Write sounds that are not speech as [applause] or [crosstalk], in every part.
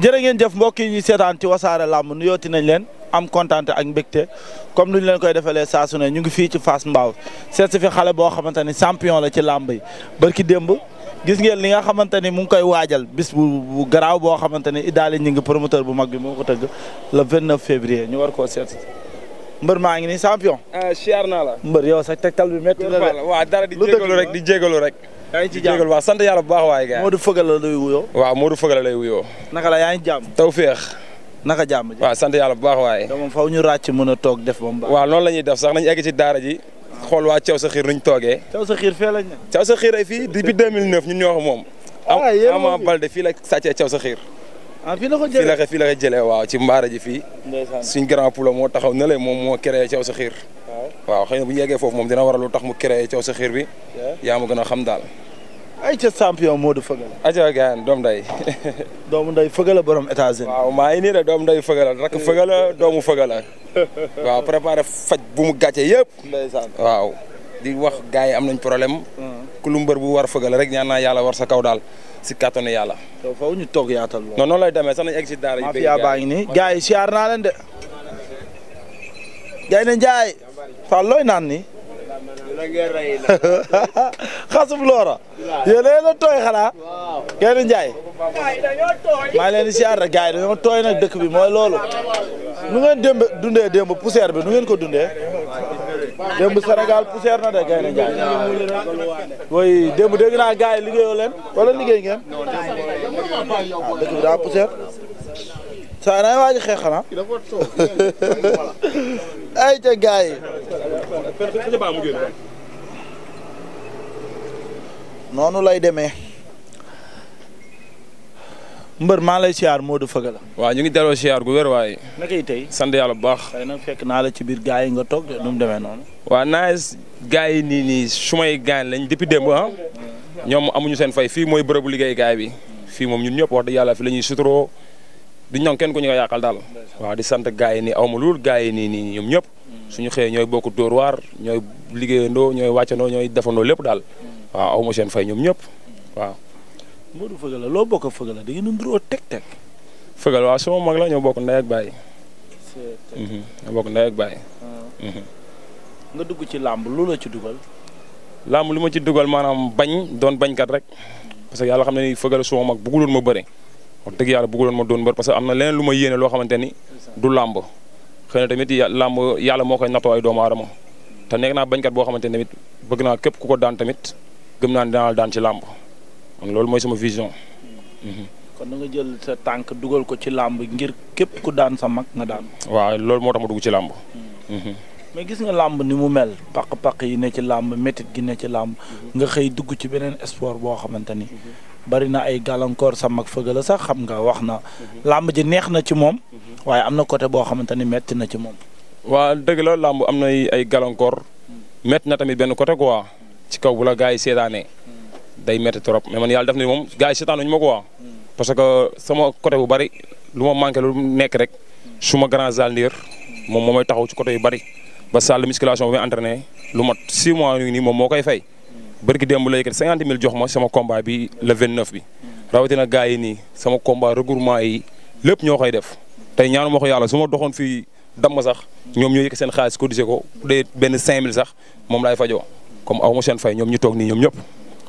jërë ngeen jëf mbokk yi ñuy seetaan ci wasaare làmb nuyooti nañ leen am kontaan ak mbégte comme ni ñu leen koy defalee saa su ne ñu ngi fii ci Fass Mbao seet fi xale boo xamante ni champion la ci làmb yi barki démb gis ngeen li nga xamante ni mu ngi koy waajal bis bu bu garaaw boo xamante ni Idaali ñu ngi promoteur bu mag bi moo ko tëgg vingt 29 février ñu war koo seet mbër maa ngi nii sampion ah siyaar naa la. mbër yow sax tegtal bi métti na la. waaw dara di jégalu rek di jégalu rek. yaa ngi ci jàmm waaw sant yàlla bu baax waaye gars Modou Feugeul la lay wuyoo waaw Modou Feugeul lay wuyoo naka la yaa ngi jàmm tawféex naka jàmm ji waaw sant yàlla bu baax waaye moom faw ñu ràcc mën a toog def ba mu baax waaw noonu la ñuy def sax nañ egg ci daara ji xool waa Thiaw sa xiir nuñ toogee Thiaw sa xiir fee lañ ne Thiaw sa xiir ay fii depuis 2009 ñun ñu ko moom ah, Ama Baldé fii la sàccee Thiaw sa xiir ah fii la ko jëlee fii la ko waaw ci mbaara ji fii suñ grand poula moo taxaw na moom moo créé Thiaw sa xiir waaw xëy na bu ñu yeggee foofu moom dina waral lu tax mu créé coow sa xiir bi. yaa ma gën a xam daal. ay ca champion Modou Feugeula. ayca gaan [laughs] doomu nday. doomu nday borom États-Unis. maa ngi nii de doom day Feugeula rakk Feugeula doomu Feugeula. [laughs] waaw préparé faj bu mu gàccee yëpp. ndeysaan waaw. di wax gars yi am nañ problème. Mm. ku bu war Feugeula rek ñaan naa yàlla war sa kaw daal si kàttanu yàlla. ñu toog yaatal lool. noonu lay demee sax nañ egg si daara yi. maa fi yaa baa naa leen de. Gaynde Njaay Fall looy naan ni [laughs] xasum loora yéen leen a tooy xanaa Gaynde Njaay maa ngi leen di siyaar rek gars yi dañoo tooy nag dëkk bi mooy loolu nu ngeen démb dundee démb bi nu ko dundee démb na de Gaynde Njaay woy démb dégg naa gars yi liggéeyoo leen ah, bi daa poussière saa waaj xeex xanaa [laughs] ay ca gars yi. noonu lay demee. mbër maa lay siyaar Modou la waa ñu ngi delloo siyaar gu wér waaye. nakay tey sant yàlla bu baax. na fekk naa la ci biir gars yi nga toog de nu demee noonu. waaw naa gars yi nii nii sumay gaañ lañ depuis démb ah. ñoom amuñu seen fay fii mooy bërëbu liggéeykaay bi. fii moom ñun ñëpp wax yàlla fi la ñuy suturoo. du ñoom kenn ko ñu ko yàqal daal waa di sant gars yi nii aw ma luul gars yi nii nii ñoom ñëpp suñu xëyee ñooy bokk dóor waar ñooy liggéeyandoo ñooy wàccandoo ñooy defandoo lépp daal waaw aw ma seen fay ñoom ñëpp waaw. Modou Feugeula loo bokk ak Feugeula da ngeen teg teg. Feugeula mag la ñoo bokk ndey ak baay. Mhm, ñoo ah. mhm. nga dugg ci làmb lu la ci dugal. làmb lu ma ci dugal maanaam bañ doon bañkat rek parce que yàlla xam ne ni Feugeula suma mag bëgguloon ma bëre. wax dëgg yàlla bëggoon ma doon mbër parce que am na leneen lu ma yéene loo xamante du làmb xëy tamit làmb yàlla moo koy nattoo ay doomu aadama te nekk naa bañkat boo xamante ni tamit bëgg naa képp ku ko daan tamit gëm naa ne dinaa daan ci làmb loolu mooy sama vision. Mhm. kon na nga jël sa tànk dugal ko ci làmb ngir képp ku daan sa mag nga daan. waaw loolu moo dugg ci làmb. Hmm. Mhm. mais gis nga làmb ni mu mel paq-paq yi ne ci làmb métit gi ne ci làmb mhm. nga xëy dugg ci beneen sport boo xamante ni. bari na ay gàllankoor sa mag fëgg la sax xam nga wax na. Mhm. làmb ji neex na ci moom. Mhm. waaye am na côté boo xamante ni métti na ci moom. waa dëgg la làmb am na ay gàllankoor. métti mhm. na tamit benn côté quoi. ci kaw bu la gars yi seetaanee. day métti trop mais man yàlla def na moom gars yi seetaanuñu ma quoi. parce que sama côté bu bari lu ma manqué lu nekk rek. suma ma grand Zal Ndir moom moo taxaw ci côté yu bari. ba salle de musculation bi may entraîné mat 6 mois yu nii moom moo koy fay. bërki démb la yëkkati cinquante mille jox ma sama combat bi le vingt neuf bi rawatina gars yi nii sama combat regroupement yi lépp ñoo koy def tey ñaanu ma yàlla su ma doxoon fii ma sax ñoom ñoo yëkk seen xaalis cotisé ko de benn cinq mille sax moom laay fajoo comme aw ma seen fay ñoom ñu toog nii ñoom ñëpp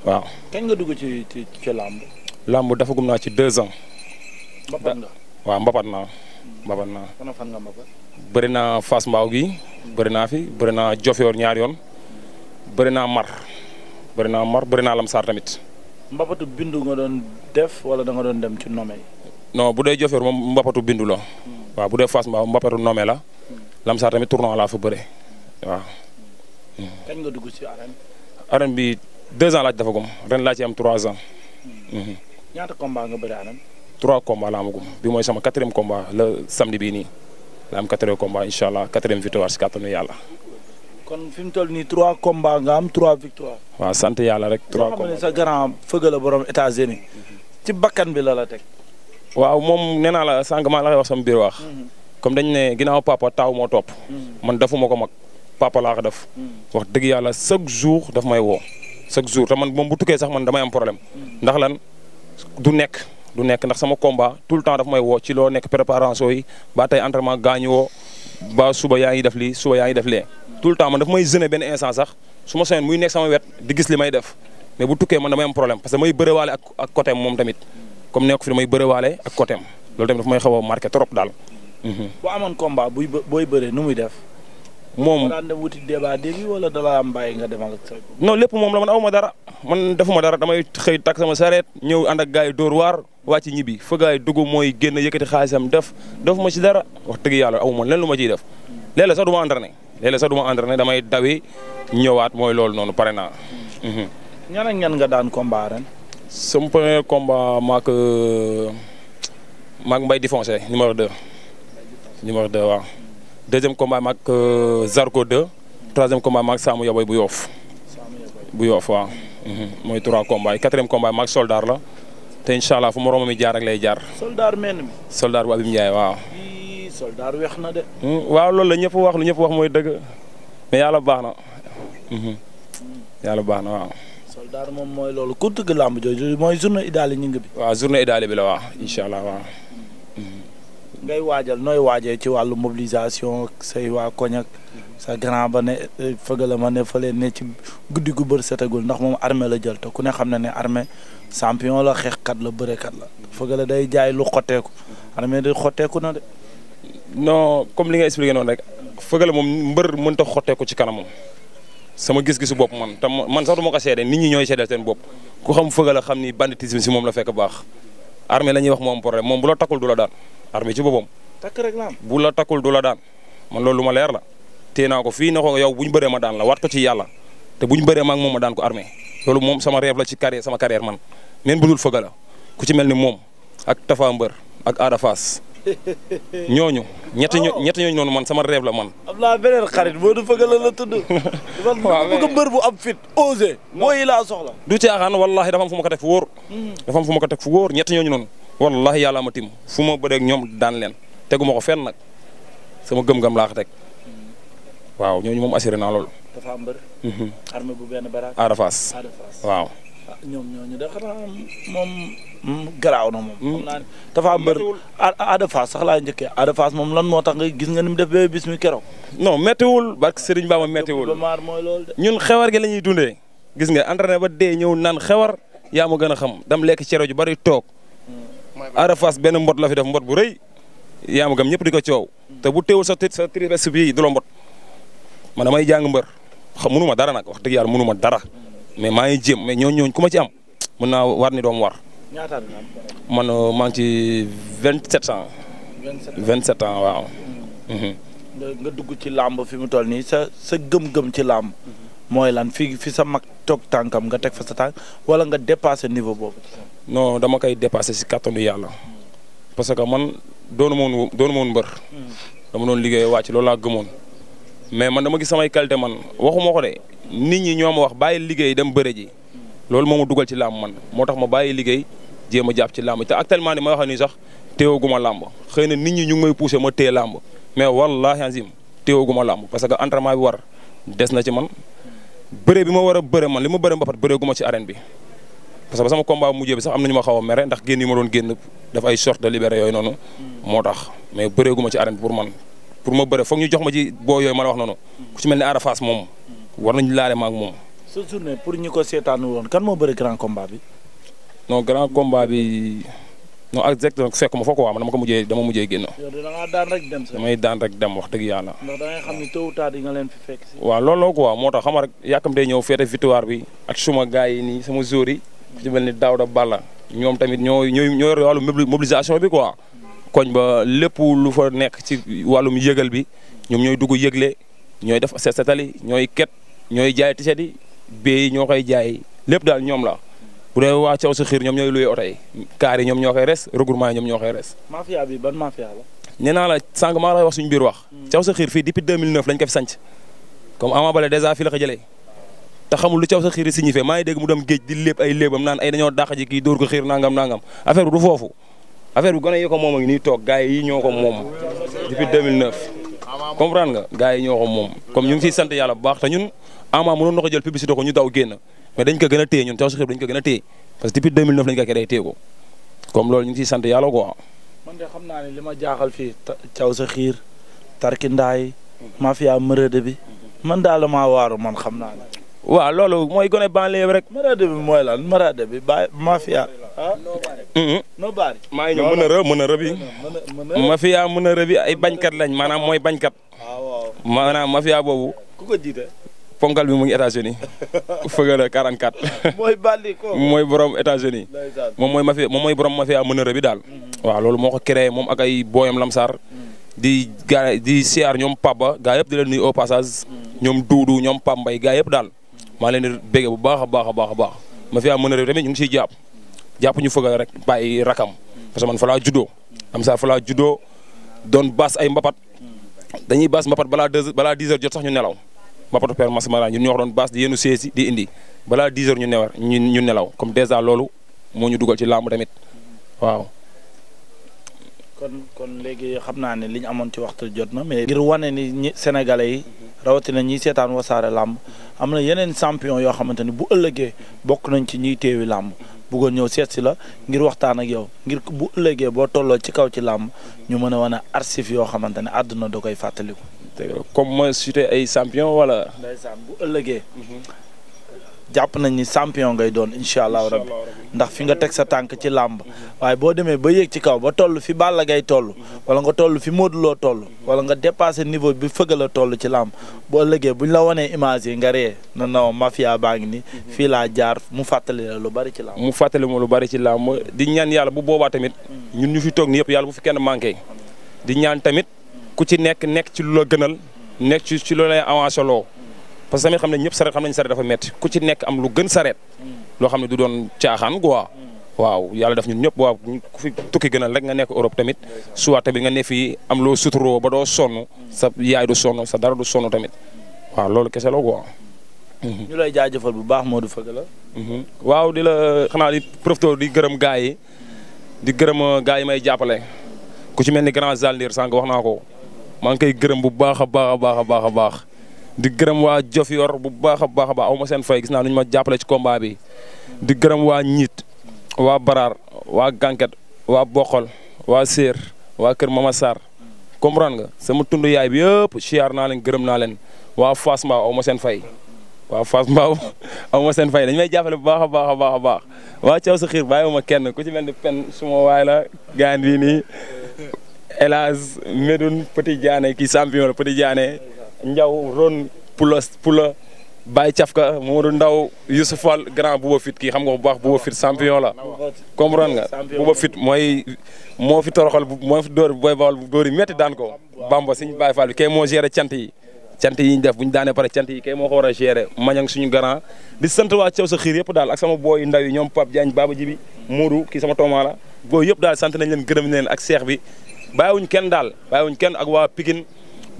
waaw. kañ nga dugg ci ci ci làmb. làmb dafa gum naa ci deux ans. mbapat nga waaw mbapat naa. mbapat naa fan fan nga mbapat. bëri naa Fass Mbao gi. bëri naa fi bëri naa Jofior ñaar yoon. bëri naa Mar. bëri naa mar bëri naa lam saar tamit. mbapatu bindu nga doon def wala da doon dem ci nome no bu dee Diofior moom mbapatu bindu la. Hmm. waaw bu dee Fass mbaa mbapatu nome la. Hmm. lam saar tamit tournoi laa fa bëre waaw. Hmm. kañ dugg ci arène. arène bi deux ans laa ci defagum ren laa ci am trois ans. ñaata combat nga bëri arène. trois combats laa amagum bi mooy sama quatrième combat le samedi bii nii la am quatrième combat incha allah quatrième victoire si kàttanu yàlla. kon fi mu toll nii trois combats nga am trois victoires. waaw sant yàlla rek. trois combats sa grand fëgg la borom États-Unis ci bakkan bi la la teg. waaw moom nee naa la sànq maa la wax sama biir wax. Mhm. comme dañ ne ginnaaw papa taaw moo topp. Mhm. man defuma ko mag papa laa ko def. Mhm. wax dëgg yàlla chaque jour daf may woo chaque jour te man moom bu tukkee sax man damay am problème. ndax lan du nekk. du nekk ndax sama combat tout le temps daf may woo loo nekk préparation yi ba tey entraînement gaañu woo ba suba yaa def lii suba yaa def lee tout le temps man daf may gêner benn instant sax su ma muy nekk sama wet di li may def mais bu tukkee man damay am problème parce que may bërewaale ak ak côté moom tamit comme nekk fi damay bërewaale ak côté loolu tamit daf may xaw a marqué trop daal. Mhm. bu nu muy def. moom daan dem wuti débat dégg wala da laa am nga demal ak sa. non lépp moom la man aw ma dara man defuma dara damay xëy tak sama sareet ñëw ànd ak gars yi dóor waar wàcc ñibbi fëggaay dugg mooy génn yëkkati xaalisam def def ma ci dara wax dëgg yàlla amu ma leen lu ma ciy def léeg-léeg sax du ma entraîné léeg-léeg sax du ma entraîné damay dawi ñëwaat mooy loolu noonu pare naa. ñan ak ñan nga daan combat ren. sama premier komba maak euh, mbay Mbaye Difoncé numéro 2. numéro 2 waaw. deuxième combat maak euh, Zarko 2. troisième combat maak Saamu Yaboy bu yoof bu yoof waaw. Mhm. mooy trois combats yi quatrième maak Soldar la. te incha allah fu moroomam yi jaar rek lay jaar. soldaar menn mi. soldaar bu Abim Ndiaye waaw. soldaar weex na de. Hmm, waaw loolu la ñëpp wax lu ñëpp wax mooy dëgg mais yàlla baax na. Hmm, yàlla baax na waaw. soldaar moom mooy loolu ku tëgg làmb jooju mooy journée idaali ñu ngi bi. waaw journée idaali bi la waaw incha allah waaw. ngay waajal nooy waajee ci wàllu mobilisation say waa koñ ak sa grand ba ne eh, fëgala ma ne fële ne ci guddi gu bër setagul ndax moom armée la jël te ku ne xam ne ne armée champion la xeexkat la bërekat la fëgala day jaay lu xotteeku armée di xotteeku na de non comme li nga expliqué noonu rek fëgala moom mbër mënta xotteeku ci kanamam sama gis-gisu bopp man te man sax du ma ko seede nit ñi ñooy seedeel seen bopp ku xam fëgala xam ni banditisme si moom la fekk baax armée la ñuy wax moom am problème moom bu la takkul du la daan armée ci boppam. takk rek la am bu la takkul du la daan man loolu lu ma leer la. téye naa ko fii na ko yow bu ñu bëree ma daan la waat ko ci yàlla te bu ñu bëree ma moom ma daan ko armée loolu moom sama rêve la ci carrière sama carrière man même bu dul fëgg la ku ci mel ni moom ak Tafa Mbër ak Ada Fass [laughs] ñooñu ñetti ñoo ñetti ñooñu noonu man sama rêve la man. am naa beneen xarit boo du fëgg la la tudd. [laughs] waaw mais bu am fit osé. soxla. du caaxaan wallaahi dafa am fu ma ko teg fu wóor. Mm. dafa am fu ma ko teg fu ñetti ñooñu noonu. wallahi yàlla ma tim fu ma bëree ak ñoom daan leen teguma ma ko fenn nag sama gëm laax laa teg waaw ñooñu moom assuré naa lool dafa am mbër. Mhm. bu benn baraak. Ada Fass Ada waaw. Ah, ñoom ñooñu mm, mm. am mbër Ada Fass sax laa njëkkee Ada moom lan moo tax nga gis nga ni mu def bébé bis mi keroog. non méttiwul barke Serigne Bamba méttiwul ñun xewar gi lañuy ñuy dundee. gis nga entraîné ba dee ñëw naan xewar yaa ma gën a xam dam lekk cere ju bari toog. Ada Fass benn mbot la fi def mbot bu rëy yaa ma gëm ñëpp di ko coow te bu teew sa sa trimestre bii du la mbot man damay jàng mbër xam munu ma dara nag wax dëgg yàlla munu ma dara mais maa ngi jéem mais ñooñu ñooñu ku ma ci am mën naa war ni doom war. ñaata at man euh, maa ngi ci vingt sept ans. vingt sept ans waaw. Mm. Mhm. nga dugg ci làmb fi mu toll nii sa sa gëm-gëm ci làmb. Mhm. mooy lan fi fi sa mag toog tànkam nga teg fa sa tànk wala nga dépassé niveau boobu. non dama koy dépassé si kattanu yàlla. parce que man doonu ma woon doonu mbër. dama doon liggéey wàcc loolu laa gëmoon. mais man dama gis samay qualité man waxuma ko de nit ñi ñoo ma wax bàyyi liggéey dem bëre ji. loolu moom ma dugal ci làmb man moo tax ma bàyyi liggéey jéem a jàpp ci làmb te actuellement ni ma waxee nii sax téewaguma làmb xëy na nit ñi ñu ngi may poussé ma téye làmb mais wallaahi azim téewaguma làmb parce que entraînement bi war des na ci man. bëre bi ma war a bëre man li ma bëre mbapat bëre gu ma ci arène bi parce que ba sama combat bu mujjee bi sax am nañu ma xaw a mere ndax génn yi doon génn def ay short de libéré yooyu noonu moo tax mais bëre gu ma ci arène bi pour man pour ma bëre foog ñu jox ma ci boo yooyu ma la wax noonu ku ci mel ni Arafaas moom war nañu laale maak ak moom sa journée pour ñi ko seetaanu woon kan moo bëri grand combat bi non grand combat bi non exactement fekk ma fa quoi man dama ko mujjee dama mujjee génn. yow de da ngaa daan rek dem sax. damay daan rek dem wax dëgg yàlla. ndax da ngay xam ni tôt ou tard di leen fekk si. waaw looloo quoi moo tax xam nga rek yàkkam day ñëw féete victoire bi ak suma gars yi nii sama joueur yi. ci mel ni Daouda Balla ñoom tamit ñoo ñoo ñoo yore wàllu mobilisation bi quoi. koñ ba lépp lu fa nekk ci wàllum yëgal bi ñoom ñooy dugg yëgle ñooy def set setali ñooy ket ñooy jaay tiset yi bee ñoo koy jaay lépp daal ñoom la bu dee waa caw sa xiir ñoom ñooy luye oto kaar yi ñoom ñoo koy res la. nee naa la maa lay wax suñu biir wax. caw hmm. sa xiir fii depuis lañ ko fi sanc comme Ama Baldé dèjà la ko jëlee te xamul lu xiir yi signifié maa ngi dégg mu dem géej di lépp ay léebam naan ay dañoo dàq ji kii dóor ko xiir nangam nangam affaire bi du foofu affaire bi gone yi moom a ngi nii toog gars yi ñoo ko moom depuis 2009 comprendre nga gars yi ñoo ko moom comme bu baax te ñun Ama mais dañ ko gën a téye ñun Tawfekh dañ ko gën a téye parce que depuis 2009 lañ ko créé téye ko comme loolu ñu ngi ciy sant yàlla quoi. man de xam naa ne li ma jaaxal fii Tawfekh tarkindaay mafia mërëde bi man daal ma waaru man xam naa waa waaw loolu mooy gone banlieue rek. mërëde bi mooy lan mërëde ba mafia. ah mm-hmm. noo baari. maa mën a rë mën a rëbi. ay bañkat lañ maanaam mooy bañkat. Ah, waaw waaw mafia boobu. ku ponkal bi mu ngi états [laughs] a [laughs] mooy bandi ko mooy borom États-Unis moom mooy mafia moom mooy borom mafia mënër bi daal. Mm-hmm. waaw loolu moo ko créé moom ak ay booyam Lamsar. Mm-hmm. di gaa di siyaar ñoom Pabba gaa yëpp di leen nuyu au mm-hmm. ñoom Duudu ñoom Pambay gaa yëpp daal. maa leen di bége bu baax a baax a baax a baax. mafia mënër bi tamit ñu ngi siy jàpp jàpp ñu fëgal rek bàyyi rakam. parce que man fa laa juddoo. am saa fa laa juddoo doon baas ay mbapat. dañuy baas mbapat balaa deux balaa dix heures jot sax ñu nelaw. mbapatu ma masamara ñun ñoo doon baas di yéenu seesi di indi balaa 10 heures ñu newar ñu nelaw comme dèjà loolu moo ñu dugal ci làmb tamit waaw. kon kon léegi xam naa ne liñ amoon ci waxtu jot na mais. ngir wane ni ñi Sénégalais yi rawatina ñi seetaan wasaare làmb am na yeneen champion yoo xamante ni bu ëllëgee bokk nañ ci ñuy teewi làmb buggoon ñëw seet si la ngir waxtaan ak yow ngir bu ëllëgee boo tolloo ci kaw ci làmb ñu mën a wane archive yoo xamante ne àdduna da koy fàttaliku. comme ma sute ay champion wala. ndeysaan bu ëllëgee. jàpp nañ ni champion ngay doon incha allahu rabbi ndax fi nga teg sa tànk ci làmb waaye boo demee ba yéeg ci kaw ba toll fi Balla Gaye toll wala nga toll fi Modou Lo toll wala nga dépassé niveau bi fëgg la toll ci làmb bu ëllëgee buñ la wanee image yi nga ree na naw mafia baa ngi ni fii laa jaar mu fàttali la lu bari ci làmb mu fàttali lu bari ci làmb di ñaan yàlla bu boobaa tamit ñun ñu fi toog ni yëpp yàlla bu fi kenn manqué di ku ci nekk nekk ci lu la gënal nekk ci ci lu lay avancé loo parce que tamit xam ne ñëpp sareet xam nañ sareet dafa metti ku ci nekk am lu gën sareet loo xam ne du doon caaxaan quoi waaw yàlla def ñun ñëpp waaw ku fi tukki gënal rek nga nekk Europe tamit soit tamit nga ne fii am loo ba doo sonn sa yaay du sa dara du sonn tamit waaw loolu kese la quoi. Mhm. lay jaajëfal bu baax Modou Feugueleu la. Mhm. waaw di la xanaa di profité di gërëm gaa yi di gërëm euh, gaa yi may jàppale ku ci mel ni grand Zaldir sànq wax naa ko. maa ngi koy gërëm bu baax a baax a baax a baax a baax di gërëm waa Jofior bu baax a baax a baax aw ma seen fay gis naa nu ñu ma jàppale ci combat bi di gërëm waa ñiit waa Baraar waa Gànket waa Boqol waa Séer waa Kër Mama Sarr comprendre nga sama tund yaay bi yëpp siyaar naa leen gërëm naa leen waa Fass Mbao aw ma seen fay waa Fass Mbao a [laughs] ma seen fay dañ may jàppale bu baax a baax a baax a baax waa Thiaw sa xiir bàyyiwuma kenn ku ci mel ni pen suma waay la gaan bii Elaz Medoune Petit Diané kii champion la Petit Diané Ndiaw Ron Pula Pula Cafka Modou Ndaw Youssouf Fall grand Bouba Fit kii xam nga bu baax Bouba Fit champion la comprendre nga Bouba Fit mooy moo fi toroxal moo fi dóor booy bawal dóor yi métti daan ko Bamba suñu Baye Fall bi kay moo géré cant yi cant yi ñu def daanee pare cant yi kay moo ko war a géré mañang di sant waa Thiaw sa xiir yëpp daal ak sama booy ndaw yi ñoom Pape Diagne Baba Jibi Modou kii sama toomaa la booy yëpp daal sant nañ leen gërëm leen ak seex bi bàyyiwuñ kenn daal bàyyiwuñ kenn ak waa Pikine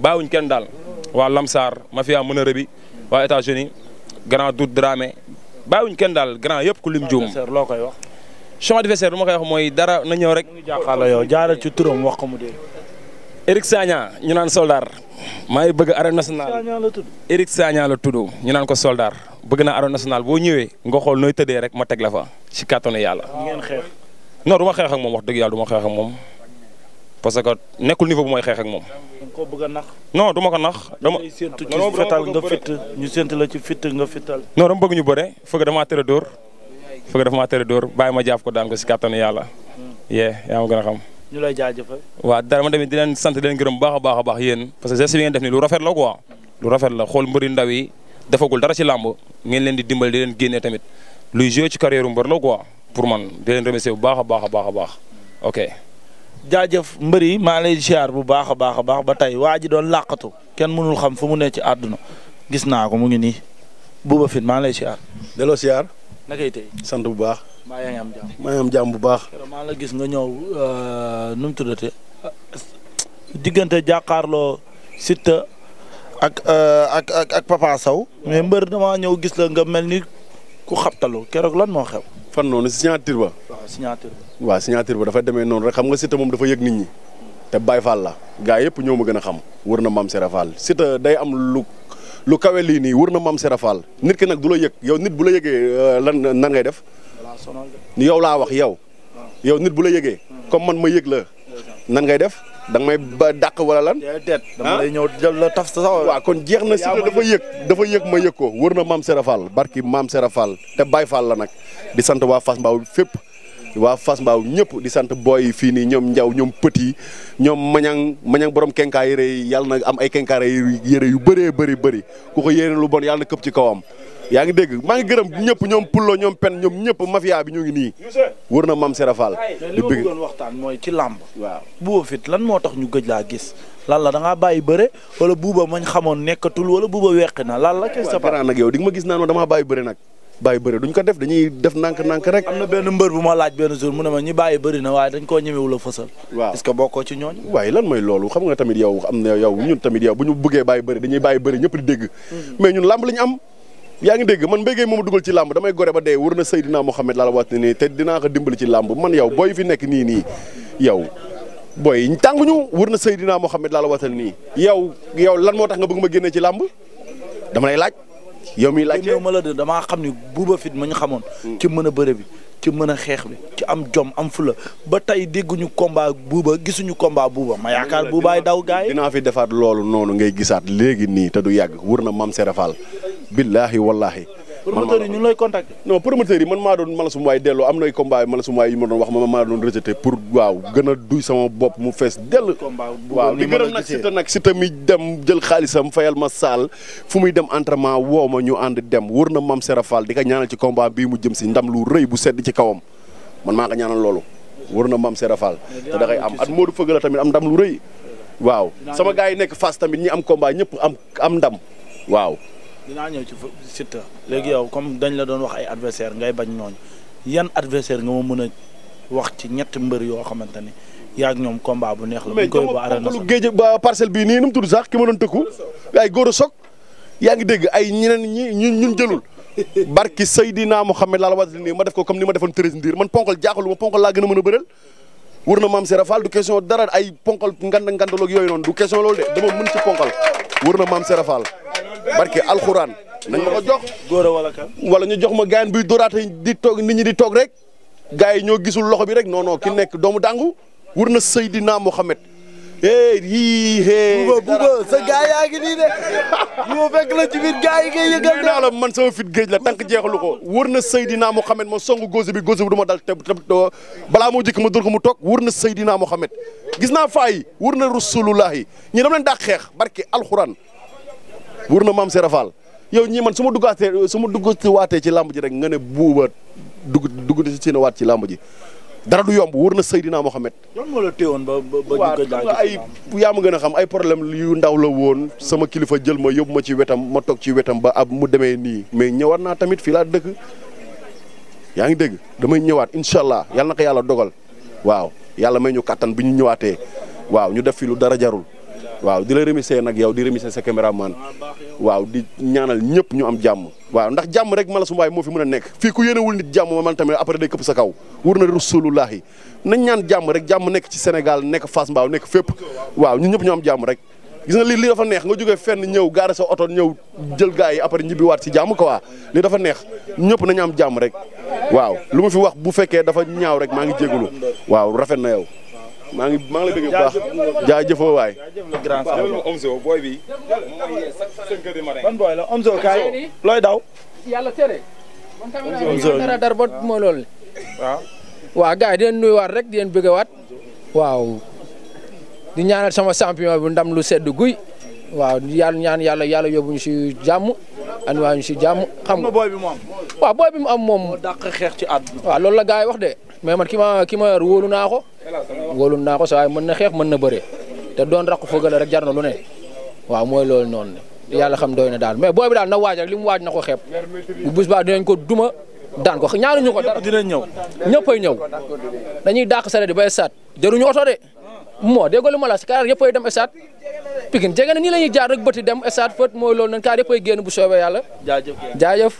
bàyyiwuñ kenn daal waa Lamsaar ma mën a rëbi waa États-Unis grand Doudou Dramé bàyyiwuñ kenn daal grand yëpp ku lim juum. loo koy wax. sama adversaire lu mooy dara na ñëw rek. jaaxal yo jaara ci turam wax ko mu dee. Eric ñu naan soldaar maa ngi bëgg arène nationale Sagna la la tudd ñu naan ko soldaar bëgg na arène nationale boo ñëwee nga xool nooy tëddee rek ma teg la fa ci kàttanu yàlla. ngeen xeex. non du moom wax dëgg yàlla du ma moom. parce que nekkul niveau bu mooy xeex ak moom. ko bëgg a nax. non du ma ko nax. dama séntu ci fetal nga fitt ñu séntu la ci fitt nga fittal. non dama bëgg ñu bëre fëgg damaa tere dóor fëgg dafa maa tere dóor bàyyi ma jaaf ko daan ko si kàttanu yàlla. Hmm. yee yaa ma gën xam. ñu lay jaajëfal. waaw dara ma tamit di leen sant di leen gërëm baax a baax a baax yéen parce que geste bi ngeen def nii lu rafet la quoi. lu rafet la xool mbëri ndaw yi defagul dara ci làmb ngeen leen di dimbal di leen génnee tamit lu joué ci carrière mbër la quoi pour man di leen remercier bu baax a baax a baax a baax ok jaajëf mbër yi maa lay ziar bu baax a baax a baax ba tey waa ji doon làqatu kenn mënul xam fu mu ne ci àdduna gis naa ko mu ngi nii Bouba Fine maa lay ziar. delloo ziar. na tey sant bu baax. maa ngi am jàmm maa bu baax. maa la gis nga ñëw euh, nu mu tuddate diggante jàkkaarloo Siteu ak euh, ak ak ak Papa Sow. mais mbër damaa ñëw gis la nga mel ni ku xabtalu keroog lan moo xew. fan noonu signature ba. signature bi. waaw bi dafa demee noonu rek xam nga Siteu moom dafa yëg nit ñi. te Baye Fall la gaa yëpp ñoo ma gën a xam wër na maam Serap Fall Siteu day am lu lu kawe lii nii wër na maam Serap Fall nit ki nag du la yëg yow nit bu la yëgee euh, lan nan ngay def. yow laa wax yow. yow nit bu la yëgee. Hmm. comme man ma yëg la. nan ngay def da may ba dàq wala lan. déedéet dama ah? lay ñëw jël la taf sa waaw kon jeex na Siteu dafa yëg dafa yëg ma yëg ko wër na maam Serap Fall barki maam Serap Fall te Baye Fall la nag di sant waa Fass Mbao fépp. waa Fass Mbaaw ñëpp di sant booy fii nii ñoom njaw ñoom petit ñoom mañang mañang borom kenkaa yére yi yàlla na am ay kenkaare yére yu bëree bëri bëri ku ko yére lu bon yàlla na këpp ci kawam yaa ngi dégg maa ngi gërëm ñëpp ñoom pullo ñoom pen ñoom ñëpp mafia bi ñu ngi nii wër na mam serafal li ma bëggoon waxtaan mooy ci làmb waaw buuba fit lan moo tax ñu gëj laa gis lan la da ngaa bàyyi bëre wala buuba mañ xamoon nekkatul wala buuba weqi na lan la. kese sa nag yow di ma gis naan ma damaa bàyyi bëre nag bàyyi bëri duñ ko def dañuy def nànk-nànk rek. am na benn mbër bu ma laaj benn jour mu ne ma ñi bàyyi bëri na waaye dañ koo ñemewul a fësal. waaw est-ce que bokkoo tamit yow am na yow ñun tamit yow bu ñu bëggee bàyyi bëri dañuy bàyyi bëri ñëpp dégg. Mm-hmm. mais ñun làmb lañu am. ci làmb damay gore ba dee wër na Seydina Mohamed laa la waat ne nii te dinaa ko dimbali ci làmb man yow booy fi nekk nii nii yow booy tànguñu wër na Seydina Mohamed laa nii yow yow lan moo tax nga bëgg ma génnee ci làmb damay laaj yow mi laajte yow ma la de damaa xam ni buuba fit ma ñu xamoon. Hmm. ci mën a bëre bi ci mën a xeex bi ci am jom am fula ba tey dégguñu combat buuba gisuñu combat buuba ma yaakaar buubaay daw gaay dinaa fi defaat loolu noonu ngay gisaat léegi nii te du yàgg wër na mam serafal billaahi wallaahi promoteur yi ñu lay contacter non yi man maa doon mala sum waay delloo am nay combat mala sum waay yi ma doon wax ma maa doon rejeté pour waaw gën a duy sama bopp mu fees dell waaw di gërëm nag Siteu nag Siteu mi dem jël xaalisam fayal ma saal fu muy dem entraînement woo ma ñu ànd dem wër na Mame Sera Fall di ko ñaanal ci combat bii mu jëm si ndam lu rëy bu sedd ci kawam man maa ko ñaanal loolu wër na Mame Sera Fall te da ngay am at Modou Feugeula tamit am ndam lu rëy waaw sama gaa yi nekk Fass tamit ñi am combat ñëpp am am ndam waaw dinaa ñëw ci Siteu léegi yow comme dañ la doon wax ay adversaire ngay bañ ñooñu yan adversaire nga ma mën a wax ci ñett mbër yoo xamante ni yaa ak ñoom combat bu neex la. bu koy ba arena mais géej bii nii nu mu tudd sax ki ma doon tëkku ay góor a yaa ngi dégg ay ñeneen ñi ñun ñun jëlul. barki Seydina Mohamed laa la wax nii ma def ko comme ni ma defoon Thérèse Ndiir man ponkal jaaxalu ma ponkal laa gën a mën a bëreel wër na maam Serafal du question dara ay ponkal ngand ngandaloog yooyu noonu du question loolu de dama mën ci ponkal wër na maam barke alxuraan nañ ma ko jox. góor wala kan wala ñu jox ma gaañ buy dóoraat di toog nit ñi di toog rek gars yi ñoo gisul loxo bi rek non non ki nekk doomu dàngu wër na Seydina Mohamed. hey yii hey. buuba buuba sa gaa yaa ngi nii de ma [laughs] fekk la ci biir gaa yëgal de. la man sama fit géej la tànk jeexalu ko wër na Seydina Mohamed ma songu góose bi góose bi du ma dal te balaa moo jëkk ma dóor ko mu toog wër na Seydina Mohamed gis naa faa yi wër na Rasulullahi ñi dama leen daa xeex barke alxuraan wur na maam Serap Fall yow ñii man su ma duggaatee su ma duggati waatee ci làmb ji rek nga ne buuba dugg dugg ci waat ci làmb ji dara du yomb wur na Seydina Mohamed. loolu moo la téewoon ba ba ba ay yaa ma gën a xam ay problème yu ndaw la woon sama kilifa jël ma yóbbu ma ci wetam ma toog ci wetam ba ab mu demee nii mais ñëwaat naa tamit fii laa dëkk yaa ngi dégg damay ñëwaat incha allah yàlla na ko yàlla dogal waaw yàlla may ñu kattan bi ñu ñëwaatee waaw ñu def fi lu dara jarul. waaw di la nag yow di remercier sa caméraman waaw di ñaanal ñëpp ñu am jàmm waaw ndax jàmm rek mala su mbaay moo fi mën a nekk fii ku yéenewul nit jàmm man tamit après day këpp sa kaw wur na rasulullahi nañ ñaan jàmm rek jàmm nekk ci Sénégal nekk Fass Mbao nekk fépp waaw ñu ñëpp ñu am jàmm rek gis nga li li dafa neex nga jóge fenn ñëw gaare sa oto ñëw jël gaa yi après ñibbiwaat ci jàmm quoi li dafa neex ñëpp nañu am jàmm rek waaw lu ma fi wax bu fekkee dafa ñaaw rek maa ngi jégalu waaw rafet na yow maa ngi ma Omzo booy bi. ban booy looy daw. yàlla tere. Omzo dara dara ba mooy loolu. waaw. waaw gars yi di rek di leen bëggewaat. waaw. di ñaanal sama champion bu ndam lu sedd guy. waaw yàlla ñaan yàlla yàlla yóbbuñu si jàmm. an waa ñu si jàmm xam nga booy bi mu am. bi mu am moom. moo xeex ci àdduna. waa loolu la gars wax de. mais man ki ma ki ma yor wóolu naa ko wóolu naa ko sa waay mën na xeex mën na bëre te doon rakk fëgale rek jar na lu ne waaw mooy loolu noonu yalla xam doy na daal mais boobi daal na waaj rek li mu waaj na ko xeeb bu bés baa dinañ ko duma daan ko ñaanuñu ko dara dinañ ñëw ñëppay ñëw dañuy dàq sareet di ba jaru jaruñu oto de moo déggoo li ma la si kaar yëppay dem stade Pikine jege na nii la ñuy jaar rek bëti dem stade fët mooy loolu nañ kaar yëppay génn bu soobee yàlla jaajëf jaajëf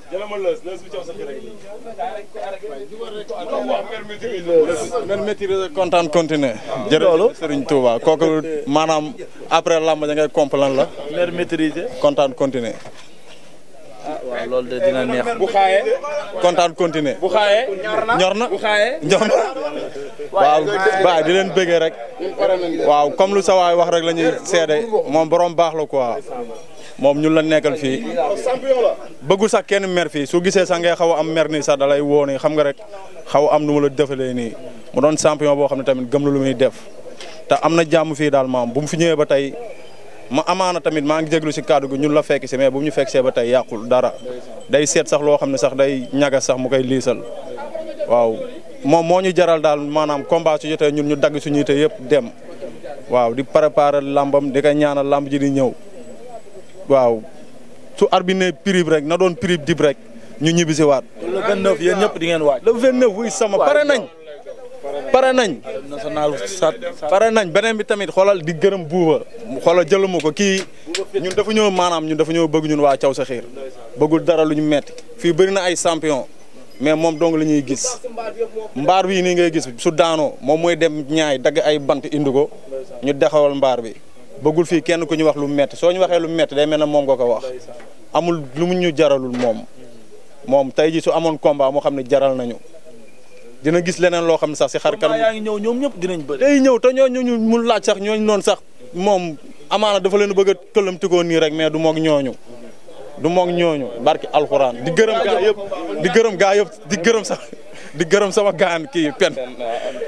kontaan continuer jërëjëf Serigne Touba kooku maanaam après lamb da ngay comprendre la maire maîtriser kontaan continuer ah loolu de dina neex. bu xaayee kontaan continuer. bu ñor na bu xaayee waaw ba di leen bëggee rek. waaw comme lu sa wax rek la ñuy moom borom baax la quoi. moom ñun la nekkal fi bëggu sax kenn meer fii su gisee sax ngay xaw a am mer nii sax dalay woo nii xam nga rek xaw am nu ma la defalee nii mu doon sampion boo xam ne tamit gëm na lu muy def te am na jàmm fii daal maam bu mu fi ñëwee ba tey ma amaana tamit maa ngi jéglu si kàddu gi ñun la fekk si mais bu ñu fekk see ba tey yàqul dara day seet sax loo xam ne sax day ñagas sax mu koy liisal waaw moom moo ñu jaral daal maanaam combat su jotee ñun ñu dagg suñu yite yëpp dem waaw di préparer làmbam di ko ñaanal lamb ji di ñëw waaw su arbitre prix rek na doon prix dib rek ñu ñibbisi waat 29 yéen ñëpp di ngeen waaj. le wuy sama pare nañ. pare nañ. national pare nañ beneen bi tamit xoolal di gërëm buuba xoolal jëluma ko kii ñun dafa ñëw maanaam ñu dafa ñëw bëgg ñun waa Thiaw Sakhir bëggul dara lu ñu metti fii bëri na ay champion mais moom dong la ñuy gis mbaar bii nii ngay gis su daanoo moom mooy dem ñaay dagg ay bant indi ko ñu dexawal mbaar bi bëggul fii kenn ku ñu wax lu metti soo ñu waxee lu metti day mel ne moom nga ko wax amul lu mu ñu jaralul moom moom tey ji su amoon combat moo xam ne jaral nañu dina gis leneen loo xam ne sax si xar kanam yaa ngi ñëw ñoom ñëpp dinañ bëri day ñëw te ñooñu ñu mun laaj sax ñooñu noonu sax moom amaana dafa leen bëgg a këlamtikoo nii rek mais du moog ñooñu du moog ñooñu barki alxuraan di gërëm gaa yëpp di gërëm gaa yëpp di gërëm sax [laughs] di gërëm sama gaan ki pen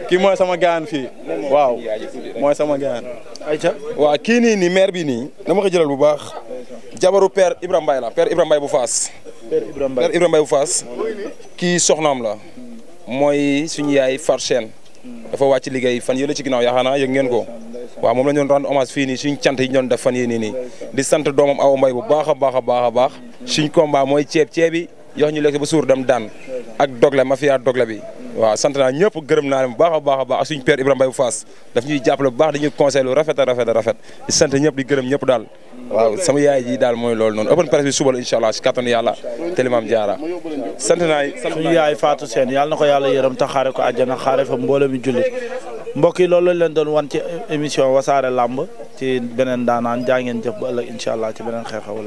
kii mooy sama gaan fi waaw mooy sama gaan ayca waaw kii nii nii maire bi nii dama ko jëlal bu baax jabaru père Ibrahima Mbaye la père Ibrahima Mbaye bu Faas père Ibrahima Mbaye bu Faas soxnaam la mooy suñu yaay Far Sène dafa ci liggéey fan yële ci ginnaaw yaakaar naa yëg ngeen ko waaw moom la ñu doon rendre fi ni suñ cant yi ñu doon def fan yii nii nii di sant doomam Awa Mbaye bu baax a baax a baax a baax suñ combat mooy ceeb ceeb yi yox ñu lekk ba suur dem daan ak dogle mafia dogle bi waaw sant naa ñëpp gërëm naa leen bu baax a baax a baax suñu père Ibrahima Mbaye bu Faas daf ñuy jàppale bu baax dañuy conseil lu rafet a rafet di ñëpp di gërëm ñëpp daal waaw sama yaay ji daal mooy loolu noon open presse bi suba la incha allah si kattanu yàlla Télémam Diarra sant naa suñu yàlla na ko yàlla yërëm taxaare ko àjjana xaare fa mbooloo mi jullit mbokk yi loolu lañ leen doon wan ci émission wasaare làmb beneen daanaan jaa ngeen jëf incha allah ci beneen xew-xewu